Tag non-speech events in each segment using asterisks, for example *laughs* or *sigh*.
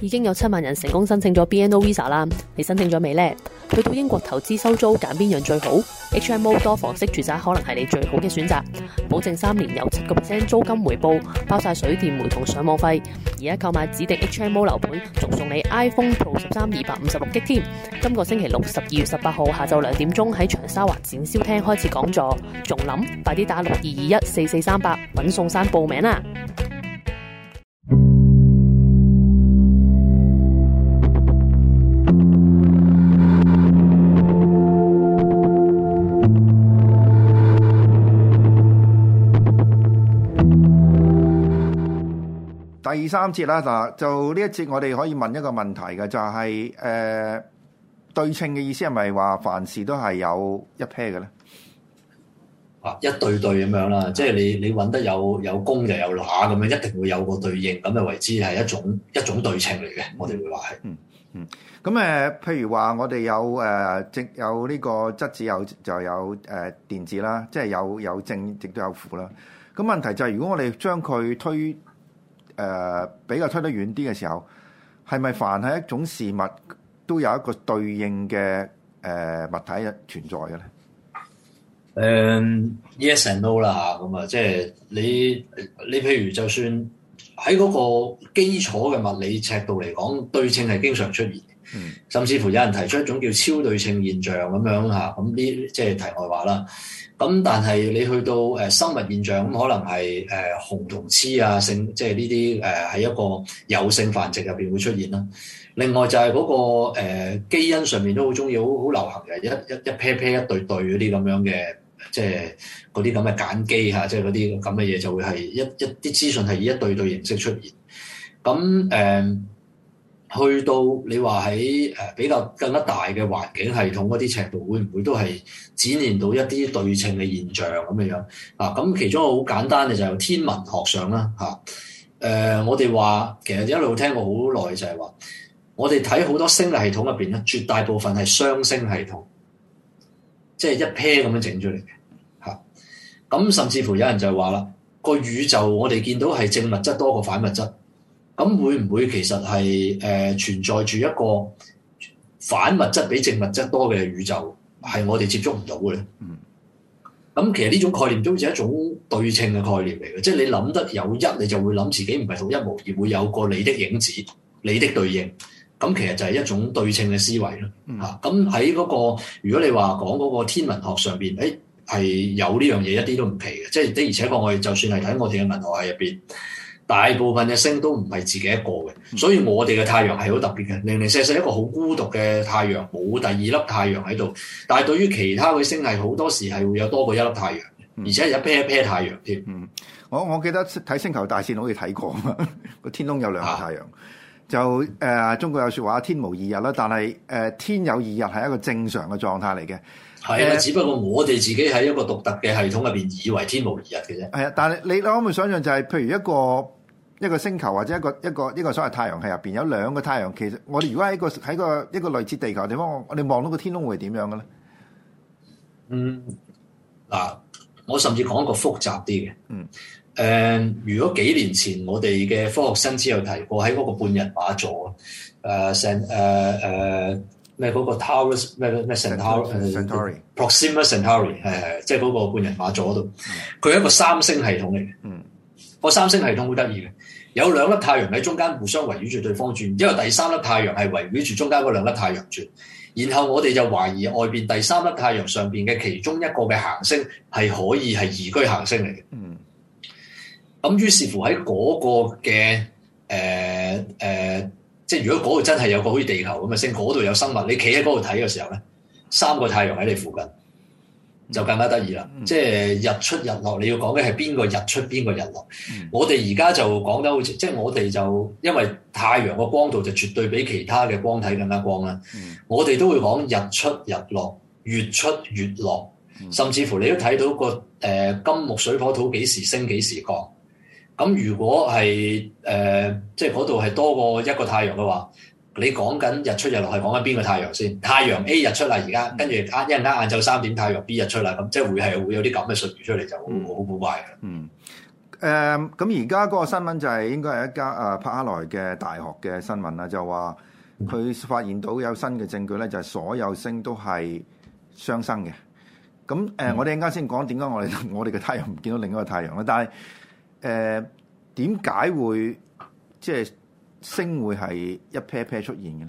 已經有七萬人成功申請咗 BNO Visa 啦，你申請咗未呢？去到英國投資收租揀邊樣最好？HMO 多房式住宅可能係你最好嘅選擇，保證三年有七個 percent 租金回報，包晒水電煤同上網費。而家購買指定 HMO 樓盤，仲送你 iPhone Pro 十三二百五十六 G 添。今個星期六十二月十八號下晝兩點鐘喺長沙灣展銷廳開始講座，仲諗快啲打六二二一四四三八搵宋生報名啦！第三節啦，就就呢一節，我哋可以問一個問題嘅，就係、是、誒、呃、對稱嘅意思係咪話凡事都係有一 pair 嘅咧？啊，一對對咁樣啦，即係你你揾得有有公就有乸咁樣，一定會有個對應，咁就為之係一種一種對稱嚟嘅。我哋會話係嗯嗯，咁、嗯、誒，譬、嗯嗯、如話我哋有誒正、呃、有呢個質子，有就有誒、呃、電子啦，即係有有正，亦都有負啦。咁問題就係如果我哋將佢推。誒、呃、比較推得遠啲嘅時候，係咪凡係一種事物，都有一個對應嘅誒、呃、物體存在嘅咧？誒、呃、Yes and no 啦，咁、嗯、啊，即係你你譬如就算。喺嗰個基礎嘅物理尺度嚟講，對稱係經常出現，嗯、甚至乎有人提出一種叫超對稱現象咁樣吓，咁呢即係題外話啦。咁但係你去到誒、呃、生物現象咁，可能係誒雄同雌啊，性即係呢啲誒喺一個有性繁殖入邊會出現啦。另外就係嗰、嗰個、呃、基因上面都好中意，好好流行嘅一一一 pair 一 pair，一對對嗰啲咁樣嘅。即係嗰啲咁嘅簡機嚇，即係嗰啲咁嘅嘢就會係一一啲資訊係以一對對形式出現。咁誒、嗯，去到你話喺誒比較更加大嘅環境系統嗰啲尺度，會唔會都係展現到一啲對稱嘅現象咁嘅樣啊？咁其中一個好簡單嘅就係由天文學上啦嚇。誒、啊呃，我哋話其實一路聽過好耐，就係話我哋睇好多星系系統入邊咧，絕大部分係雙星系統，即係一 pair 咁樣整出嚟嘅。咁甚至乎有人就係話啦，個宇宙我哋見到係正物質多過反物質，咁會唔會其實係誒、呃、存在住一個反物質比正物質多嘅宇宙，係我哋接觸唔到嘅咧？嗯。咁其實呢種概念都好似一種對稱嘅概念嚟嘅，即係你諗得有一，你就會諗自己唔係獨一無二，會有個你的影子、你的對應。咁其實就係一種對稱嘅思維咯。嚇、嗯！咁喺嗰個如果你話講嗰個天文學上面，誒？係有呢樣嘢一啲都唔奇嘅，即係的而且確我，我哋就算係睇我哋嘅銀河系入邊，大部分嘅星都唔係自己一個嘅，所以我哋嘅太陽係好特別嘅，零零舍舍一個好孤獨嘅太陽，冇第二粒太陽喺度。但係對於其他嘅星係好多時係會有多過一粒太陽，而且係一 pair pair 太陽添。嗯，我我記得睇星球大戰好似睇過，個 *laughs* 天空有兩個太陽。啊、就誒、呃，中國有説話天無二日啦，但係誒、呃、天有二日係一個正常嘅狀態嚟嘅。係啊，只不過我哋自己喺一個獨特嘅系統入邊，以為天無二日嘅啫。係啊，但係你可唔可以想象，就是，就係譬如一個一個星球或者一個一個一個所謂太陽系入邊，有兩個太陽，其實我哋如果喺個喺個一個類似地球地方，我哋望到個天空會點樣嘅咧？嗯，嗱，我甚至講一個複雜啲嘅。嗯。誒、呃，如果幾年前我哋嘅科學新知先有提過喺嗰個半人馬座，誒成誒誒。咩嗰個 Taurus 咩咩 Centauri Proxima Centauri 係係即係嗰個半人馬座度，佢係一個三星系統嚟嘅。嗯，個三星系統好得意嘅，有兩粒太陽喺中間互相圍繞住對方轉，因為第三粒太陽係圍繞住中間嗰兩粒太陽轉。然後我哋就懷疑外邊第三粒太陽上邊嘅其中一個嘅行星係可以係宜居行星嚟嘅。嗯，咁於是乎喺嗰個嘅誒誒。呃呃即係如果嗰度真係有個好似地球咁嘅星，嗰度有生物，你企喺嗰度睇嘅時候咧，三個太陽喺你附近，就更加得意啦！嗯、即係日出日落，你要講嘅係邊個日出邊個日落。嗯、我哋而家就講得好似，即係我哋就因為太陽個光度就絕對比其他嘅光體更加光啦。嗯、我哋都會講日出日落、月出月落，甚至乎你都睇到個誒、呃、金木水火土幾時升幾時降。咁如果係誒、呃，即係嗰度係多過一個太陽嘅話，你講緊日出日落係講緊邊個太陽先？太陽 A 日出啦，而家跟住一陣間晏晝三點太陽 B 日出啦，咁即係會係會有啲咁嘅術語出嚟，就好好古怪嘅、嗯。嗯誒，咁而家嗰個新聞就係應該係一家誒柏克萊嘅大學嘅新聞啦，就話佢發現到有新嘅證據咧，就係所有星都係雙生嘅。咁、嗯、誒、嗯，我哋陣間先講點解我哋我哋嘅太陽唔見到另一個太陽咧？但係。誒，點解、呃、會即係、就是、星會係一 pair 一 pair 出現嘅咧？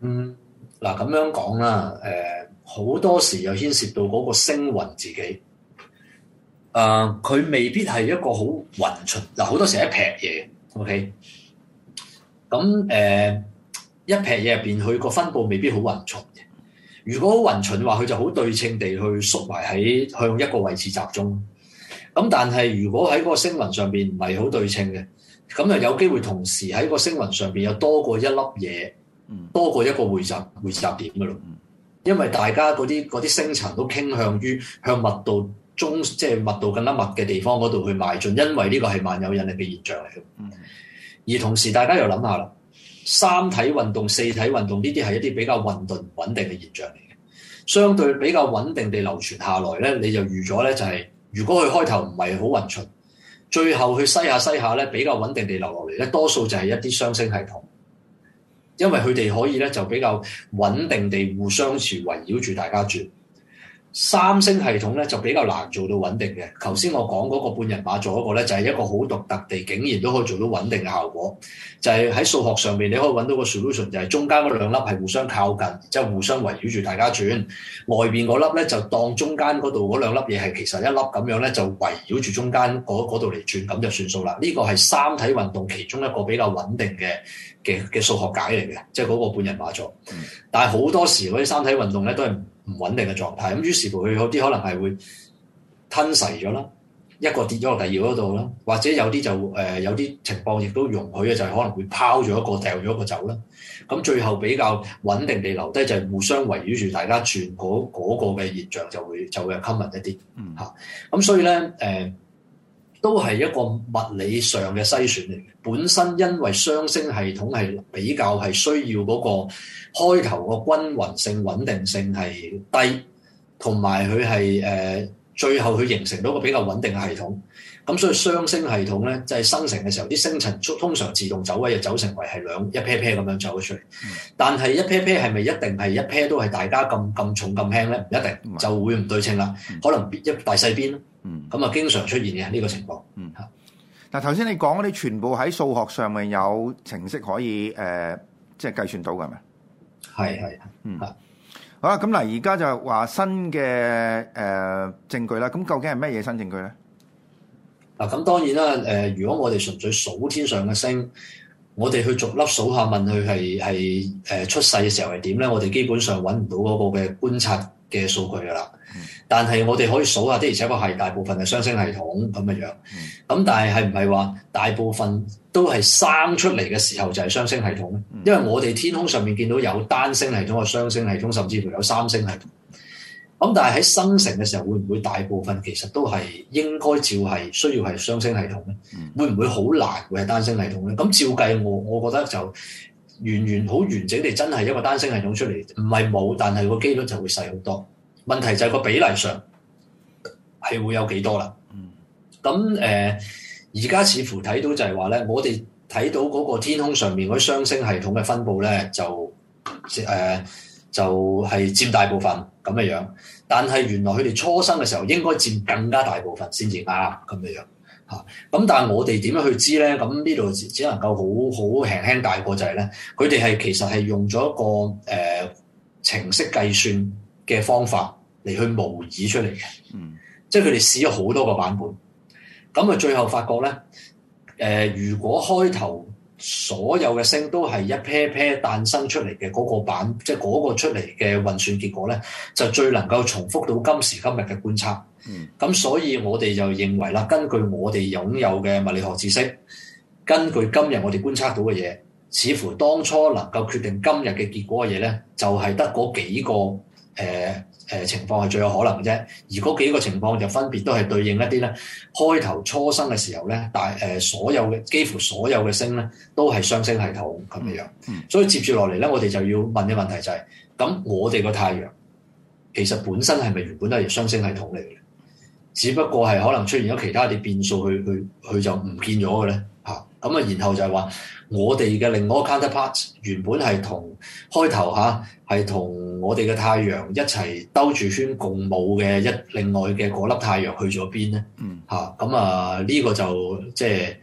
嗯，嗱咁樣講啦，誒、呃，好多時又牽涉到嗰個星雲自己，啊、呃，佢未必係一個好均勻，嗱、呃，好多時一撇嘢，OK，咁誒、呃，一撇嘢入邊，佢個分布未必好均勻嘅。如果好均勻嘅話，佢就好對稱地去縮埋喺向一個位置集中。咁但係如果喺嗰個星雲上邊唔係好對稱嘅，咁啊有機會同時喺個星雲上邊又多過一粒嘢，多過一個匯集匯集點噶咯。因為大家嗰啲啲星塵都傾向於向密度中，即係密度更加密嘅地方嗰度去邁進，因為呢個係萬有引力嘅現象嚟嘅。嗯、而同時大家又諗下啦，三體運動、四體運動呢啲係一啲比較混沌穩定嘅現象嚟嘅，相對比較穩定地流傳下來咧，你就預咗咧就係。如果佢開頭唔係好混循，最後佢西下西下咧，比較穩定地留落嚟咧，多數就係一啲雙星系統，因為佢哋可以咧，就比較穩定地互相持圍繞住大家轉。三星系統咧就比較難做到穩定嘅。頭先我講嗰個半人馬座嗰個咧，就係、是、一個好獨特地，竟然都可以做到穩定嘅效果。就係、是、喺數學上面，你可以揾到個 solution，就係中間嗰兩粒係互相靠近，即、就、係、是、互相圍繞住大家轉。外面嗰粒咧就當中間嗰度嗰兩粒嘢係其實一粒咁樣咧，就圍繞住中間嗰度嚟轉，咁就算數啦。呢個係三體運動其中一個比較穩定嘅嘅嘅數學解嚟嘅，即係嗰個半人馬座。嗯、但係好多時嗰啲三體運動咧都係。唔穩定嘅狀態，咁於是乎佢有啲可能係會吞噬咗啦，一個跌咗落第二嗰度啦，或者有啲就誒有啲情況亦都容許嘅，就係可能會拋咗一個，掉咗一個走啦。咁最後比較穩定地留低，就係、是、互相圍繞住大家轉嗰、嗰個嘅、那個、現象就會就會有 common 一啲嚇。咁、嗯啊、所以咧誒。呃都係一個物理上嘅篩選嚟嘅，本身因為雙星系統係比較係需要嗰、那個開頭個均勻性、穩定性係低，同埋佢係誒最後佢形成到個比較穩定嘅系統。咁所以雙星系統咧就係、是、生成嘅時候，啲星塵通常自動走位，就走成為係兩一 pair pair 咁樣走咗出嚟。但係一 pair pair 係咪一定係一 pair 都係大家咁咁重咁輕咧？唔一定就會唔對稱啦，嗯、可能一大細邊嗯，咁啊，經常出現嘅呢個情況。嗯，嚇。嗱，頭先你講嗰啲全部喺數學上面有程式可以誒，即係計算到嘅係咪？係係。嗯。的好啦，咁嗱，而家就話新嘅誒證據啦。咁究竟係咩嘢新證據咧？嗱，咁當然啦。誒，如果我哋純粹數天上嘅星，我哋去逐粒數下問佢係係誒出世嘅時候係點咧？我哋基本上揾唔到嗰個嘅觀察。嘅數據噶啦，但係我哋可以數下啲，而且確係大部分係雙星系統咁嘅樣。咁但係係唔係話大部分都係生出嚟嘅時候就係雙星系統咧？因為我哋天空上面見到有單星系統、嘅雙星系統，甚至乎有三星系統。咁但係喺生成嘅時候，會唔會大部分其實都係應該照係需要係雙星系統咧？會唔會好難會係單星系統咧？咁照計我，我我覺得就。完完好完整地，真係一個單星系統出嚟，唔係冇，但係個機率就會細好多。問題就係個比例上係會有幾多啦？咁誒、嗯，而家、呃、似乎睇到就係話咧，我哋睇到嗰個天空上面嗰雙星系統嘅分佈咧，就誒、呃、就係、是、佔大部分咁嘅樣。但係原來佢哋初生嘅時候應該佔更加大部分先至啱咁嘅樣。嚇！咁但係我哋點樣去知咧？咁呢度只能夠好好輕輕帶過就係咧，佢哋係其實係用咗一個誒、呃、程式計算嘅方法嚟去模擬出嚟嘅，嗯，即係佢哋試咗好多個版本，咁啊最後發覺咧，誒、呃、如果開頭，所有嘅星都係一 pair pair 誕生出嚟嘅嗰個版，即係嗰個出嚟嘅運算結果咧，就最能夠重複到今時今日嘅觀察。咁、嗯、所以我哋就認為啦，根據我哋擁有嘅物理學知識，根據今日我哋觀察到嘅嘢，似乎當初能夠決定今日嘅結果嘅嘢咧，就係得嗰幾個、呃誒、呃、情況係最有可能嘅啫，而嗰幾個情況就分別都係對應一啲咧，開頭初生嘅時候咧，但誒、呃、所有嘅幾乎所有嘅星咧，都係雙星系統咁嘅樣。是是嗯、所以接住落嚟咧，我哋就要問嘅問題就係、是，咁我哋個太陽其實本身係咪原本都係雙星系統嚟嘅？只不過係可能出現咗其他啲變數，佢佢佢就唔見咗嘅咧嚇。咁啊，然後就係話。我哋嘅另外一個 counterpart 原本係同開頭吓係同我哋嘅太陽一齊兜住圈共舞嘅一另外嘅嗰粒太陽去咗邊咧？嚇咁、嗯、啊！呢、嗯啊呢個就即係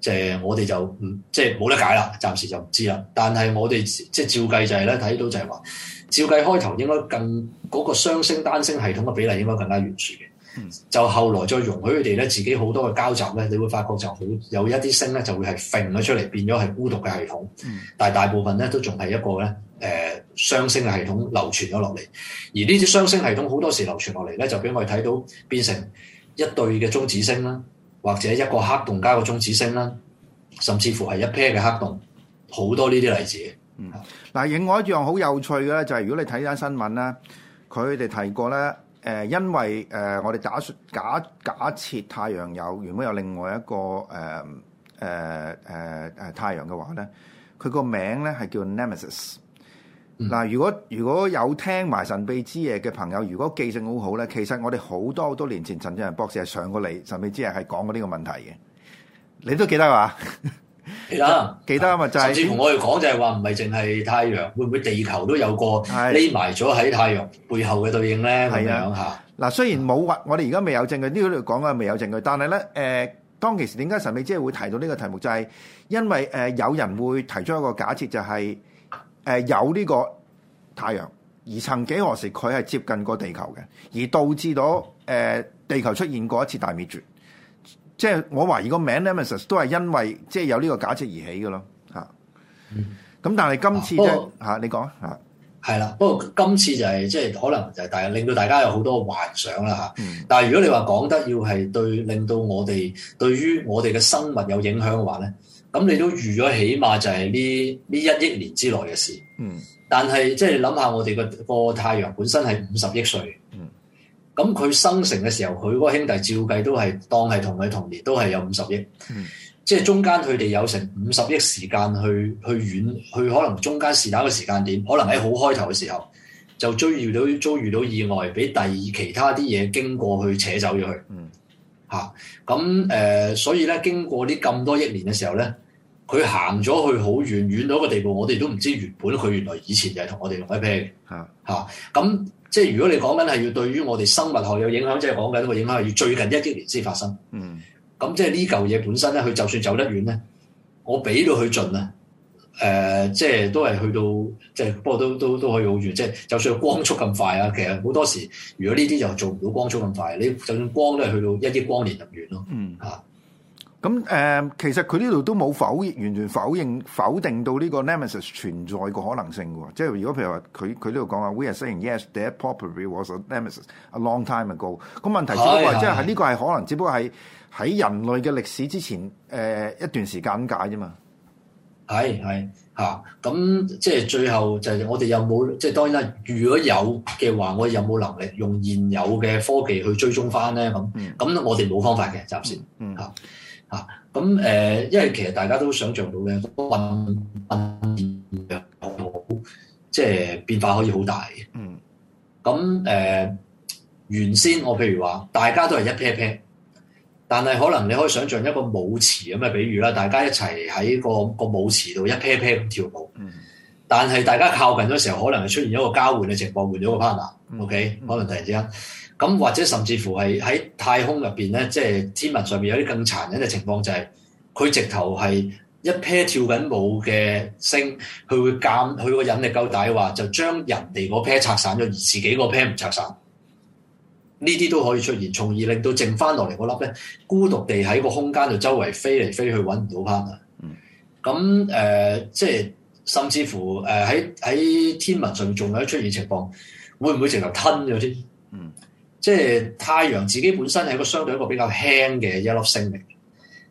即係我哋就唔即係冇得解啦，暫時就唔知啦。但係我哋即係照計就係咧，睇到就係話照計開頭應該更嗰、嗰個雙星單星系統嘅比例應該更加懸殊嘅。就後來再容許佢哋咧，自己好多嘅交集咧，你會發覺就好有一啲星咧就會係揈咗出嚟，變咗係孤獨嘅系統。但係大部分咧都仲係一個咧誒、呃、雙星嘅系統流傳咗落嚟。而呢啲雙星系統好多時流傳落嚟咧，就俾我哋睇到變成一對嘅中子星啦，或者一個黑洞加個中子星啦，甚至乎係一 pair 嘅黑洞，好多呢啲例子。嗯，嗱，另外一樣好有趣嘅咧，就係、是、如果你睇返新聞咧，佢哋提過咧。誒、呃，因為誒、呃，我哋假假假設太陽有原本有另外一個誒誒誒誒太陽嘅話咧，佢個名咧係叫 Nemesis。嗱、呃，如果如果有聽埋神秘之夜嘅朋友，如果記性好好咧，其實我哋好多好多年前陳振仁博士係上過嚟神秘之夜係講過呢個問題嘅，你都記得嘛？ *laughs* 其他，其他咪就係、是。甚至乎我哋講就係話唔係淨係太陽，會唔會地球都有個匿埋咗喺太陽背後嘅對應咧？係啊，嗱，雖然冇話是的 我哋而家未有證據，呢度講嘅未有證據，但係咧，誒、呃，當其時點解科學新知會提到呢個題目？就係因為誒有人會提出一個假設，就係誒有呢個太陽而曾幾何時佢係接近過地球嘅，而導致到誒地球出現過一次大滅絕。即係我懷疑個名 Nemesis，都係因為即係有呢個假設而起嘅咯嚇。咁、啊、但係今次啫、啊啊、你講嚇係啦。不過今次就係即係可能就係令到大家有好多幻想啦嚇、啊。但係如果你話講得要係對令到我哋對於我哋嘅生物有影響嘅話咧，咁你都預咗起碼就係呢呢一億年之內嘅事。嗯、那個，但係即係諗下我哋個個太陽本身係五十億歲。咁佢生成嘅時候，佢嗰個兄弟照計都係當係同佢同年，都係有五十億。嗯，即係中間佢哋有成五十億時間去去遠，去可能中間試打個時間點，可能喺好開頭嘅時候就遭遇到遭遇到意外，俾第二其他啲嘢經過去扯走咗去。嗯，嚇咁誒，所以咧經過呢咁多億年嘅時候咧，佢行咗去好遠，遠到一個地步，我哋都唔知原本佢原來以前就係同我哋同一批嚇嚇咁。嗯啊即係如果你講緊係要對於我哋生物學有影響，即係講緊個影響係要最近一億年先發生。嗯，咁即係呢嚿嘢本身咧，佢就算走得遠咧，我俾到佢盡啊。誒、呃，即係都係去到，即係不過都都都可以好遠。即係就算光速咁快啊，其實好多時如果呢啲就做唔到光速咁快，你就算光都係去到一億光年咁遠咯。嗯，嚇。咁誒、嗯，其實佢呢度都冇否認完全否認否定到呢個 nemesis 存在個可能性㗎喎，即係如果譬如話佢佢呢度講話，We are saying yes, that probably was a long time ago。咁問題只不過係即係呢個係可能，只不過係喺人類嘅歷史之前誒、呃、一段時間解啫嘛。係係嚇，咁、啊、即係最後就係我哋有冇即係當然啦，如果有嘅話，我哋有冇能力用現有嘅科技去追蹤翻咧？咁咁、嗯、我哋冇方法嘅，暫時嚇。嗯嗯啊，咁誒，因為其實大家都想象到咧，都揾變好即係、就是、變化可以好大嘅。嗯。咁誒，原先我譬如話，大家都係一 pair pair，但係可能你可以想象一個舞池咁嘅比喻啦，大家一齊喺、嗰個個舞池度一 pair pair 咁跳舞。嗯、但係大家靠近嘅時候，可能係出現一個交換嘅情況，換咗個 partner，OK？、嗯 okay? 可能突然之間。咁或者甚至乎係喺太空入邊咧，即係天文上面有啲更殘忍嘅情況，就係佢直頭係一 pair 跳緊舞嘅星，佢會減佢個引力夠大嘅話，就將人哋嗰 pair 拆散咗，而自己個 pair 唔拆散。呢啲都可以出現，從而令到剩翻落嚟嗰粒咧，孤獨地喺個空間度周圍飛嚟飛去，揾唔到 partner。咁誒、呃，即係甚至乎誒喺喺天文上面仲有一出現情況，會唔會直頭吞咗添？嗯。即係太陽自己本身係一個相對一個比較輕嘅一粒星嚟，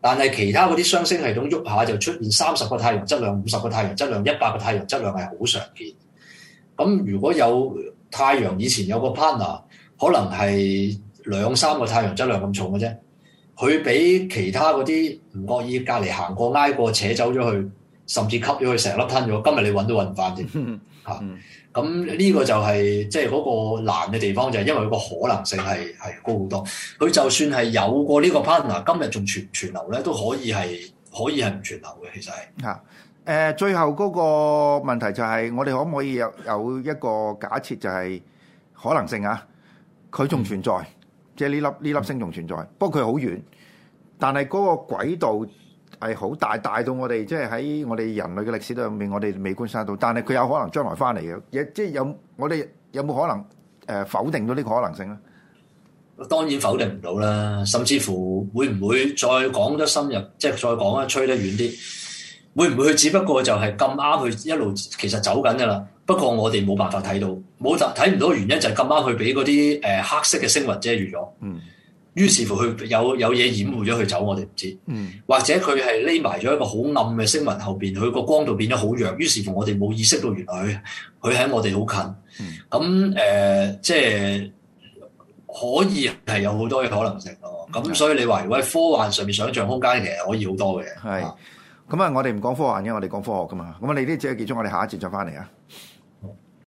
但係其他嗰啲雙星系統喐下就出現三十個太陽質量、五十個太陽質量、一百個太陽質量係好常見。咁如果有太陽以前有個 partner，可能係兩三個太陽質量咁重嘅啫，佢俾其他嗰啲唔覺意隔離行過挨過扯走咗去，甚至吸咗佢成粒吞咗，今日你搵都搵唔返添吓。嗯嗯。咁呢個就係即係嗰個難嘅地方，就係、是、因為佢個可能性係係高好多。佢就算係有過呢個 partner，今日仲存唔存留咧，都可以係可以係唔存留嘅。其實係。嚇、啊！誒、呃，最後嗰個問題就係、是、我哋可唔可以有有一個假設、就是，就係可能性啊，佢仲存在，即係呢粒呢粒星仲存在。不過佢好遠，但係嗰個軌道。係好大，大到我哋即係喺我哋人類嘅歷史都入面，我哋未觀察到。但係佢有可能將來翻嚟嘅嘢，即係有我哋有冇可能誒、呃、否定到呢個可能性咧？當然否定唔到啦，甚至乎會唔會再講得深入？即係再講得吹得遠啲，會唔會佢只不過就係咁啱佢一路其實走緊噶啦？不過我哋冇辦法睇到，冇睇唔到原因就係咁啱佢俾嗰啲誒黑色嘅星雲遮住咗。嗯。於是乎佢有有嘢掩護咗佢走，我哋唔知。嗯，或者佢係匿埋咗一個好暗嘅星雲後邊，佢個光度變咗好弱。於是乎我哋冇意識到原來佢喺我哋好近。咁誒、嗯呃，即係可以係有好多嘅可能性咯。咁所以你話，如果喺科幻上面想像空間，其實可以好多嘅。係。咁啊，我哋唔講科幻，因為我哋講科學噶嘛。咁你呢啲只係結束，我哋下一節再翻嚟啊。